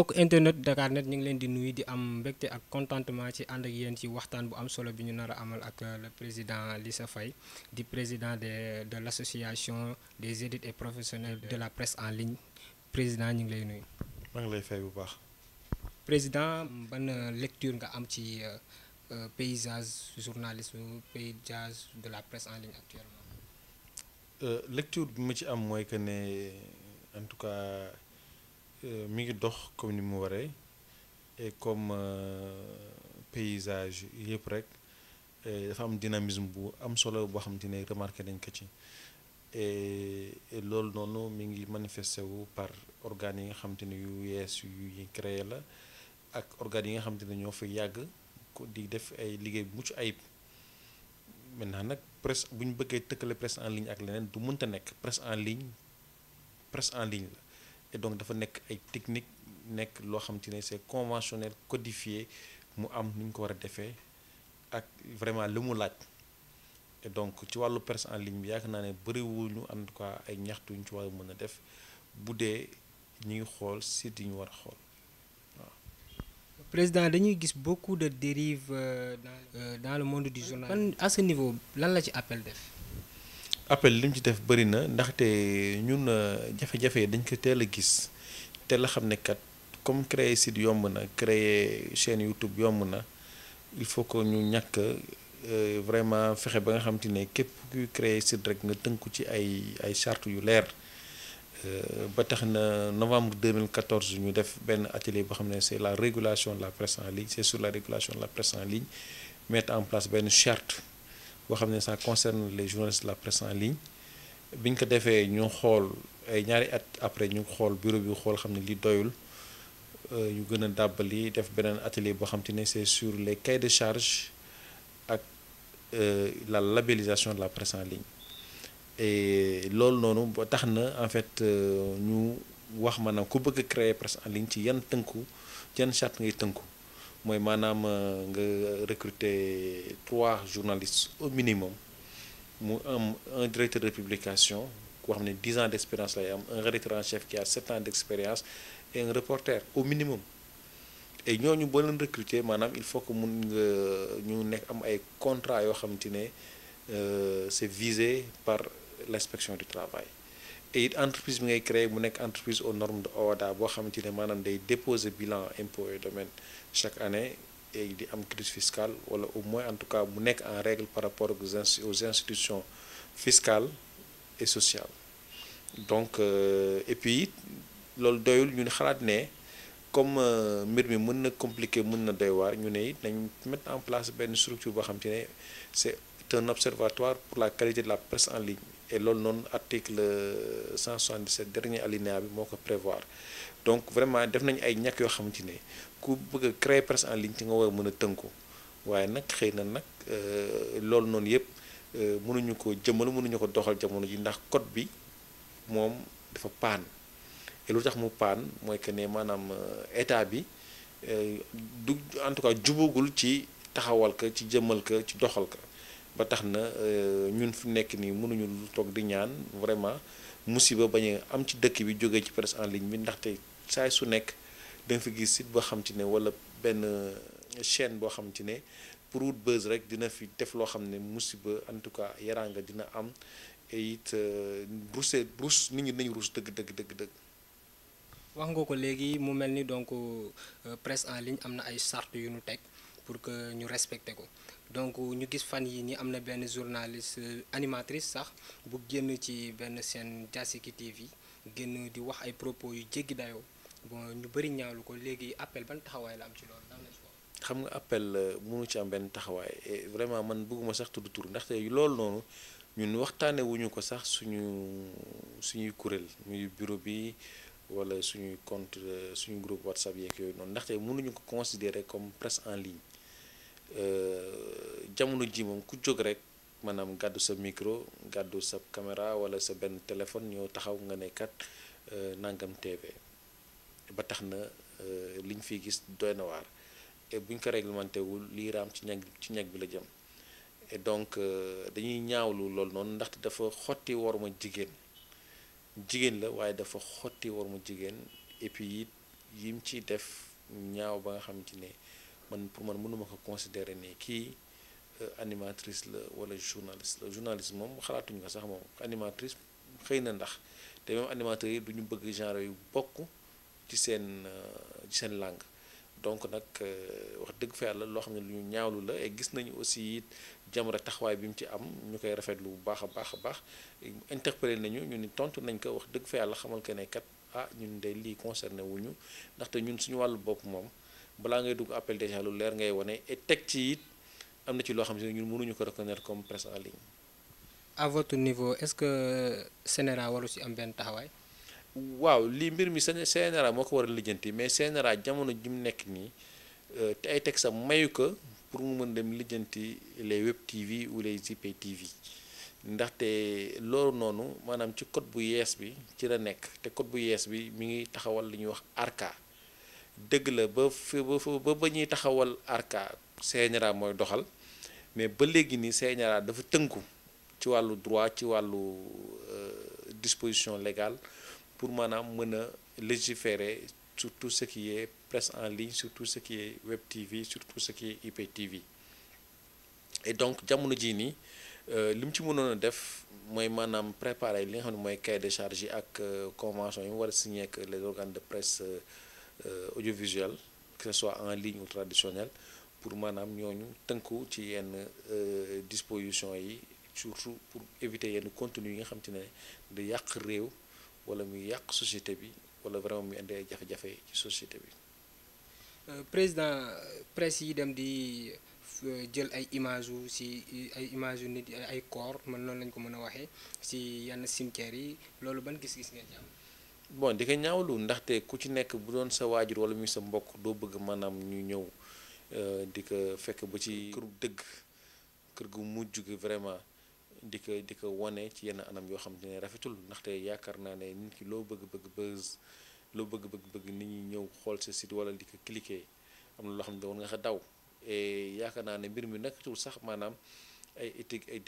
mbokk internet Dakar net ñu ngi leen di nuy di am mbégte ak contentement ci ànd ak yéen ci waxtaan bu am solo bi ñu nar a amal ak euh, le président Lissa Faye di président de de l' association des édites et professionnels de la presse en ligne président ñu ngi lay nuyu. maa ngi lay bu baax. président ban euh, lecture nga am ci euh, paysage journalisme paysage de la presse en ligne actuellement. lecture bi ma ci am mooy que ne en tout Euh, mi ngi dox comme ni mu waree et comme euh, paysage yëpp rek euh, dafa am dynamisme bu am solo boo xam ne remarqué nañ ko ci et loolu noonu mi ngi manifesté wu par organes yi nga xam te yu yees yu ñu créer la ak organes yi nga xam te ñoo fi yàgg ko di def ay liggéey bu mucc ayib maintenant nag presse bu ñu bëggee tëkkale presse en ligne ak leneen du mënta nekk presse en ligne presse en ligne la. et donc dafa nekk ay technique nekk loo xam te ne c'est conventionnel codifié mu am nu ñu ko war a defee ak vraiment lu mu laaj et donc ci wàllu presse en ligne bi yaakaar naa ne bëriwuñu en tout cas ay ñaxtu ñu ci war a mën a def bu dee ñu ngi xool site yi ñu war a xool waaw. président dañuy gis beaucoup de dérives euh, dans euh, dans le monde du journal. à ce niveau lan la ci appel def. appel li ci def bëri na ndaxte ñun euh, jafe-jafe dañ ko teel a gis teel a xam ne kat comme créer site yomb na créer chaîne YouTube yomb na il faut que ñu ñàkk euh, vraiment fexe ba nga xam te ne képp kuy créer site rek nga tënku ci ay ay charte yu leer euh, ba tax na novembre 2014 ñu def benn atelier boo xam ne c'est la régulation la presse en ligne c'est sur la régulation de la presse en ligne mettre en place benn charte boo xam ne ça concerne les journalistes de la presse en ligne biñ ko defee ñu xool ay ñaari at après ñu xool bureau bi xool xam ne li doyul euh, ñu gën a dàbbali def beneen atelier boo xam ne c'est sur les cahiers de charge ak euh, la labilisation la presse en ligne loolu noonu ba tax na en fait euh, ñu wax maanaam ku bëgg a créer presse en ligne ci yan tënku yan charte ngay tënku mooy maanaam euh, nga recruter trois journalistes au minimum mu am un directeur de publication koo xam ne dix ans d' expérience lay am un rédacteur en chef qui a sept ans d' expérience et un reporter au minimum et ñooñu boo leen recruter maanaam il faut que mun nga ñu nekk am ay contrat yoo xamante ne euh, c' est visé par l' inspection du travail. et it entreprise bi ngay créer mu nekk entreprise au normes de OHADA boo xamante ne maanaam day déposer bilan impôt et domaine chaque année et di am crise fiscale wala au moins en tout cas mu nekk en règle par rapport aux institutions fiscales et sociales donc euh, et puis loolu doyul ñu ñun xalaat ne comme euh, mbir mi mën na compliqué mën na doy waar ñu ne it nañ mettre en place benn structure boo xamante ne c'est un observatoire pour la qualité de la presse en ligne et loolu noonu article 177 dernier alinéa bi moo ko prévoir donc vraiment def nañ ay ñàkk yoo xamante ne ku bëgg a créer presse en ligne ci nga war a mën a tënku waaye nag xëy na nag euh, loolu noonu yëpp euh, mënuñu ko jëmal mënuñu ko doxal jamono ji ndax code bi moom dafa paan et lu tax mu paan mooy que ne maanaam euh, état bi du en tout cas jubagul ci taxawal ka ci jëmmal ka ci doxal ka ba tax na euh, ñun fi nekk nii mënuñu lu toog di ñaan vraiment musiba bañ a am ci dëkk bi jógee ci presse en ligne bi ndaxte saay su nekk da fi gis site boo xam ci ne wala benn chaine boo xam ci ne pour wut buzz rek dina fi def loo xam ne musiba en tout cas yaraanga dina am et it euh, ruuse ruus nit ñi nañu ruus dëgg dëgg dëgg wax nga ko léegi mu mel ni donc euh, presse en ligne am na ay charte yu ñu teg pour que ñu respecté ko. donc ñu gis fan yi ni am na benn journaliste euh, animatrice sax bu génn ci benn seen Diassigui TV génn di wax ay propos yu jéggi dayoo bon ñu bëri ñaawlu ko léegi appel ban taxawaay la am ci loolu xam nga appel euh, mënu benn taxawaay vraiment man bëgguma sax tudd ndaxte loolu noonu ñun waxtaane ko sax suñu suñuy kuréel muy bureau bi wala suñuy compte euh, suñu groupe whatsapp yeeg yooyu noonu ndaxte mënuñu ko considérer comme presse en ligne Euh, jamono ji moom ku jóg rek maanaam gàddu sa micro gàddu sa caméra wala sa benn téléphone ñoo taxaw nga ne kat euh, nangam TV ba tax na euh, li ñu fiy gis doy na waar et ko réglementé wul lii raam ci ñag ci ñag bi la jëm et donc dañuy ñaawlu lool noonu ndaxte dafa xotti war ma jigéen jigéen la waaye dafa xotti war ma jigéen et puis it yim ciy def ñaaw ba nga xam ci ne. man pour man mënuma ko considérer ni kii euh, animatrice la wala journaliste la journaliste moom xalaatuñu ko sax moom animatrice xëy na ndax te même animateurs yi duñu bëgg genre yu bokk ci seen euh, ci seen langue donc nag euh, wax dëgg fa yàlla loo xam ne lu ñu la gis nañu aussi it Jamra taxawaay bi mu ci am ñu koy rafetlu bu baax a baax a baax interpellé nañu ñu ni tontu nañ ko wax dëgg fa yàlla xamal ko ne kat ah ñun de lii concerné wuñu ndaxte ñun suñu wàllu bopp moom balaa ngay dugg appel déjà lu leer ngay wane et teg ci it am na ci loo xam ne ñun mënuñu ko reconnaître comme presse en ligne. à votre niveau est-ce que CNRA waru si am benn taxawaay. waaw lii mbir mi CNRA moo ko war a lijjanti mais CNRA jamono ji mu nekk nii euh, te ay teg sax mayu ko pour mu mën dem lijjanti les web TV ou les IP TV ndaxte loolu noonu maanaam ci code bu yees bi ci la nekk te code bu yees bi mi ngi taxawal li ñuy wax ARCA. dëgg la ba fi ba ba ñuy taxawal arca CNRA mooy doxal mais ba léegi ni CNRA dafa tënku ci wàllu droit ci wàllu euh, disposition légale pour maanaam mën a légiférer surtout tout ce qui est presse en ligne sur tout ce qui est web TV sur tout ce qui et donc jamono jii nii euh, li mu ci mënoon a def mooy maanaam préparer li nga xam ne mooy cahier de charge yi ak euh, convention yi mu war a signé les organes de presse. Euh, audiovisuel que ce soit en ligne ou traditionnel pour maanaam ñooñu tënku ci yenn euh, disposition yi surtout pour éviter yenn contenu yi nga xam te ne di yàq réew wala muy yàq société bi wala vraiment muy indi jafe-jafe ci société bi. Euh, président presse yi dem di jël ay images yu si ay images yu nit ay corps man noonu lañ ko mën a waxee si yenn cimetières yi loolu ban gis-gis ngeen jàmm. bon di ko ñaawlu ndaxte ku ci nekk bu doon sa waajur wala muy sa mbokk doo bëgg maanaam ñu ñëw euh, di ko fekk ba ci këru dëgg kër gu mujj gi vraiment di ko di ko wane ci yenn anam yoo xam ne rafetul ndaxte yaakaar naa ne nit ki loo bëgg bëgg buzz loo bëgg bëgg bëgg nit ñi ñëw xool sa site wala di ko cliquer am na loo xam ne woon nga xa daw et yaakaar naa ne mbir mi nekkatul sax maanaam ay éthique ay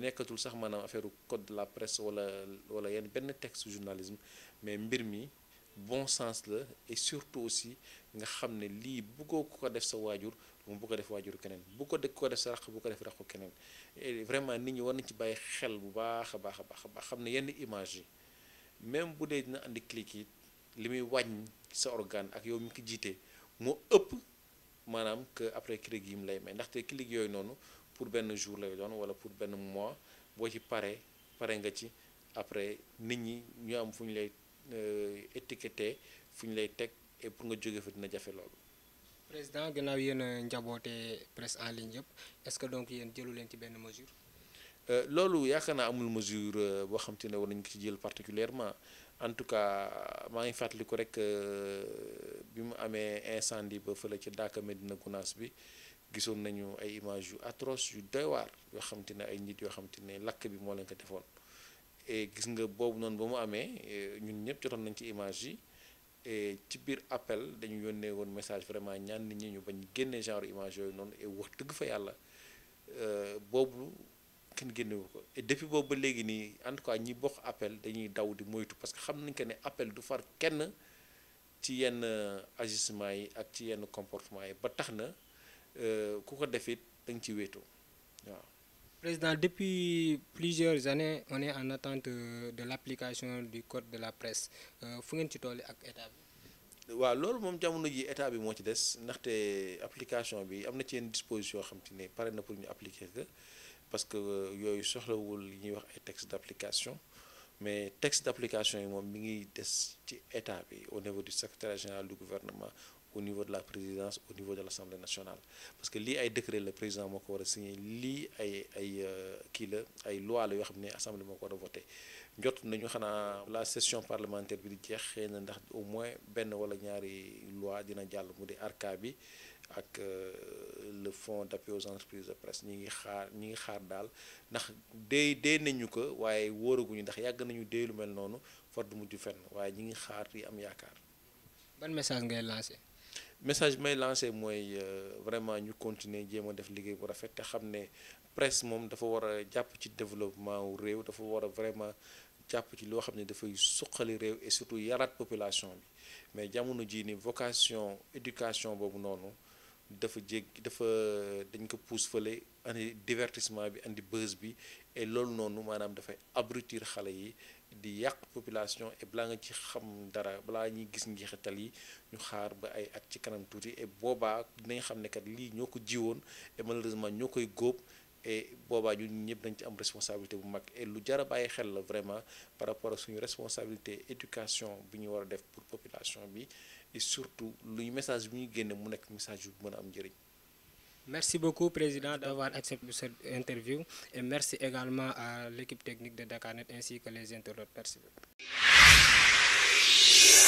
nekkatul sax maanaam affaire code de la presse wala wala yenn benn texte journalisme mais mbir mi bon sens la et surtout aussi nga xam ne lii bëggoo ko def sa waajur mu bëgg ko def waajur keneen bu ko ko def sa raq bu ko def raqu keneen et vraiment nit ñi war nañ ci bàyyi xel bu baax a baax a baax a baax xam ne yenn image yi même bu dee dina indi clic yi li muy wàññ sa organe ak yow mi ki jiitee moo ëpp maanaam que après clic yi mu lay may ndaxte clic yooyu noonu pour benn jour lay doon wala pour benn mois boo ci paree pare nga ci après nit ñi ñu am fu ñu lay euh, étiqueté fu ñu lay teg et pour nga jóge fa dina jafe loolu. président gannaaw yéen a njaboote presse en ligne est-ce que donc yéen jëlu leen ci benn mesure. Euh, loolu yaakaar naa amul mesure euh, boo xam te ne war nañu ko ci jël particulièrement en tout cas maa ngi fàttaliku rek bi mu amee incendie ba fële ci Daaka Medina Gounass bi. gisoon nañu ay images yu atroce yu doy waar yoo xamante ne ay nit yoo xamante ne lakk bi moo leen ko defoon et gis nga boobu noonu ba mu amee ñun ñëpp jotoon nañ ci image yi et ci biir appel dañu yónnee woon message vraiment ñaan nit ñi ñu bañ génnee genre image yooyu noonu et wax dëgg fa yàlla euh, boobu kenn génnewu ko et boobu ba léegi nii en tout cas ñi bokk appel dañuy daw di moytu parce que xam nañ que ne appel du far kenn ci yenn euh, agissement yi ak ci yenn comportement yi ba tax na Euh, ku ko def it dañ ci wetu waaw. Président depuis plusieurs années on est en attente de l'application du code de la presse euh, fu ngeen ci toll ak état bi. waaw loolu moom jamono ji état bi moo ci des ndaxte application bi am na ci yenn disposition yoo xam te ne pare na pour ñu appliquer ko parce que euh, yooyu soxlawul li ñuy wax ay texte d'application mais texte d'application yi moom mi ngi des ci état bi au niveau du secrétariat général du gouvernement au niveau de la présidence au niveau de l'Assemblée nationale parce que lii ay décret la président moo ko war a signé lii ay ay euh, kii la ay loi la yoo xam ne assemblée moo ko war a voté jot nañu xanaa la session parlementaire bi di jeex xëy na ndax au moins benn wala ñaari loi dina jàll mu di arca bi ak euh, le fonds d'appui aux entreprises de presse ñi ngi xaar ñi ngi xaar daal ndax dee dee nañu ko waaye wóoraguñu ndax yàgg nañu dee lu mel noonu far du mujj fenn waaye ñi ngi xaar am yaakaar. ban lancé. message may lancé mooy euh, vraiment ñu continuer jéem a def liggéey bu rafet te xam ne presse moom dafa war a jàpp ci développement réew dafa war a vraiment jàpp ci loo xam ne dafay suqali réew et surtout yaraat population bi mais jamono jii ni vocation éducation boobu noonu dafa jéggi dafa dañ ko pousse fële andi divertissement bi indi buzz bi et loolu noonu maanaam dafay abrutir xale yi di yàq population et balaa nga ci xam dara balaa ñuy gis njeexital yi ñu xaar ba ay at ci kanam tuuti et boobaa dinañ xam ne kat lii ñoo ko jiwoon et malheureusement ñoo koy góob et boobaa ñun ñëpp dañ ci am responsabilité bu mag et lu jar a xel la vraiment par rapport ak suñu responsabilité éducation bi ñu war a def pour population bi. et surtout message bi ñuy génne mu nekk message bu mën a am njëriñ. Merci beaucoup, Président, d'avoir accepté cette interview et merci également à l'équipe technique de Dakarnet ainsi que les internautes.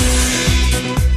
Merci.